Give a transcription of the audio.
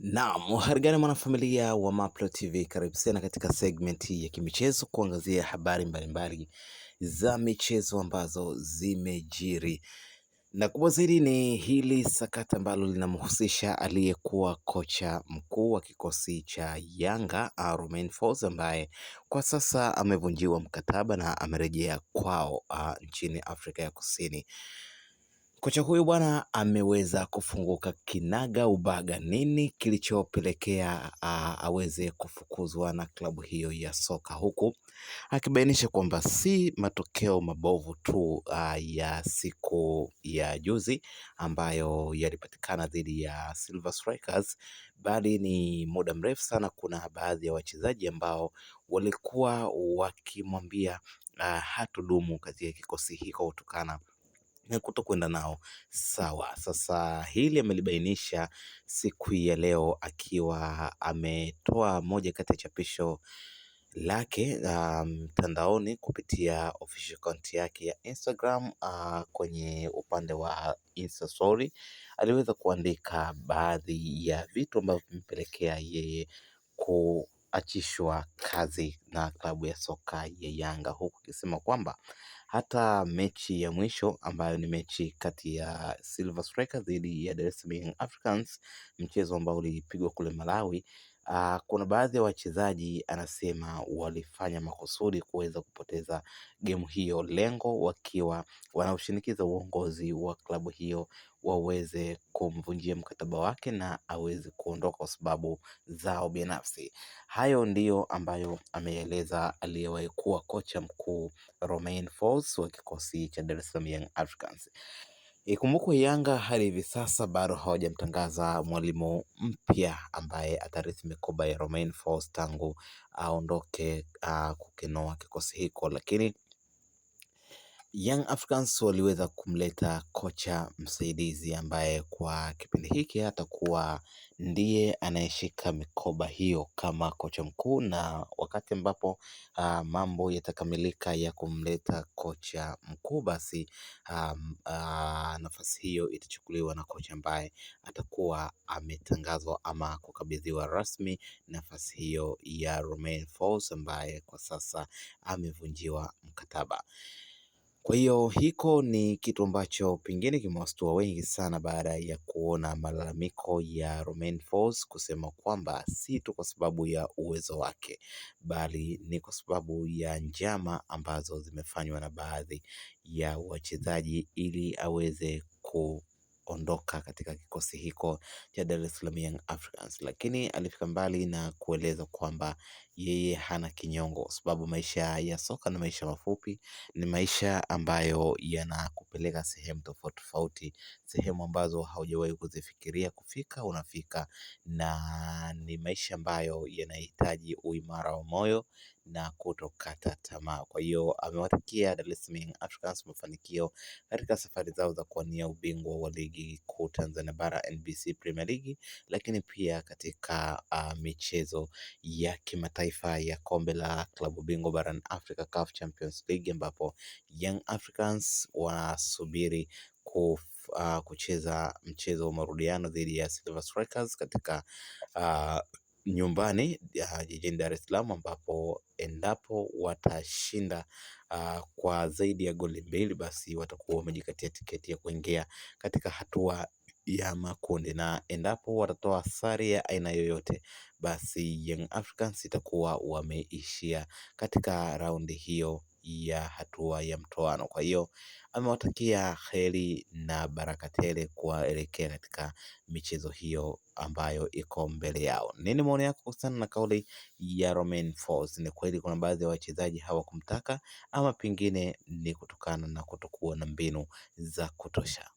Naam, harigani mwanafamilia wa Mapro TV, karibu sana katika hii ya kimichezo kuangazia habari mbalimbali za michezo ambazo zimejiri, na kubwa zaidi ni hili sakata ambalo linamhusisha aliyekuwa kocha mkuu wa kikosi cha Yanga Romain Folz ambaye kwa sasa amevunjiwa mkataba na amerejea kwao ah, nchini Afrika ya Kusini. Kocha huyu bwana ameweza kufunguka kinaga ubaga. Nini kilichopelekea aweze kufukuzwa na klabu hiyo ya soka, huku akibainisha kwamba si matokeo mabovu tu a, ya siku ya juzi ambayo yalipatikana dhidi ya Silver Strikers, bali ni muda mrefu sana. Kuna baadhi ya wachezaji ambao walikuwa wakimwambia hatudumu katika kikosi hiko kutokana kutokwenda nao sawa. Sasa hili amelibainisha siku ya leo akiwa ametoa moja kati ya chapisho lake ah, mtandaoni um, kupitia official account yake ya Instagram uh, kwenye upande wa Insta story aliweza kuandika baadhi ya vitu ambavyo vimepelekea yeye ku achishwa kazi na klabu ya soka ya Yanga huku akisema kwamba hata mechi ya mwisho ambayo ni mechi kati ya Silver Strikers dhidi ya Dar es Salaam Africans, mchezo ambao ulipigwa kule Malawi Ah, kuna baadhi ya wachezaji anasema walifanya makusudi kuweza kupoteza gemu hiyo, lengo wakiwa wanaoshinikiza uongozi wa klabu hiyo waweze kumvunjia mkataba wake na aweze kuondoka kwa sababu zao binafsi. Hayo ndiyo ambayo ameeleza aliyewahi kuwa kocha mkuu Romain Folz wa kikosi cha Dar es Salaam Young Africans. Ikumbukwe eh, Yanga hadi hivi sasa bado hawajamtangaza mwalimu mpya ambaye atarithi mikoba ya Romain Folz tangu aondoke ah, kukinoa kikosi hiko, lakini Young Africans waliweza kumleta kocha msaidizi ambaye kwa kipindi hiki atakuwa ndiye anayeshika mikoba hiyo kama kocha mkuu, na wakati ambapo uh, mambo yatakamilika ya kumleta kocha mkuu, basi uh, uh, nafasi hiyo itachukuliwa na kocha ambaye atakuwa ametangazwa ama kukabidhiwa rasmi nafasi hiyo ya Romain Folz ambaye kwa sasa amevunjiwa mkataba. Kwa hiyo hiko ni kitu ambacho pengine kimewastua wengi sana baada ya kuona malalamiko ya Romain Folz kusema kwamba si tu kwa sababu ya uwezo wake bali ni kwa sababu ya njama ambazo zimefanywa na baadhi ya wachezaji ili aweze ku ondoka katika kikosi hiko cha Dar es Salaam Young Africans, lakini alifika mbali na kueleza kwamba yeye hana kinyongo, kwa sababu maisha ya soka ni maisha mafupi, ni maisha ambayo yanakupeleka sehemu tofauti tofauti, sehemu ambazo haujawahi kuzifikiria kufika, unafika na ni maisha ambayo yanahitaji uimara wa moyo na kutokata tamaa. Kwa hiyo amewatakia Dar es Salaam Africans mafanikio katika safari zao za kuwania ubingwa wa ligi kuu Tanzania bara NBC Premier League, lakini pia katika uh, michezo ya kimataifa ya kombe la klabu bingwa barani Africa CAF Champions League ambapo Young Africans wanasubiri ku uh, kucheza mchezo wa marudiano dhidi ya Silver Strikers katika uh, nyumbani ah, jijini Dar es Salaam ambapo endapo watashinda uh, kwa zaidi ya goli mbili basi watakuwa wamejikatia tiketi ya kuingia katika hatua ya makundi, na endapo watatoa sare ya aina yoyote, basi Young Africans itakuwa wameishia katika raundi hiyo ya hatua ya mtoano. Kwa hiyo amewatakia heri na baraka tele kuwaelekea katika michezo hiyo ambayo iko mbele yao. Nini maoni yako kuhusiana na kauli ya Romain Folz? Ni kweli kuna baadhi ya wachezaji hawakumtaka ama pengine ni kutokana na kutokuwa na mbinu za kutosha?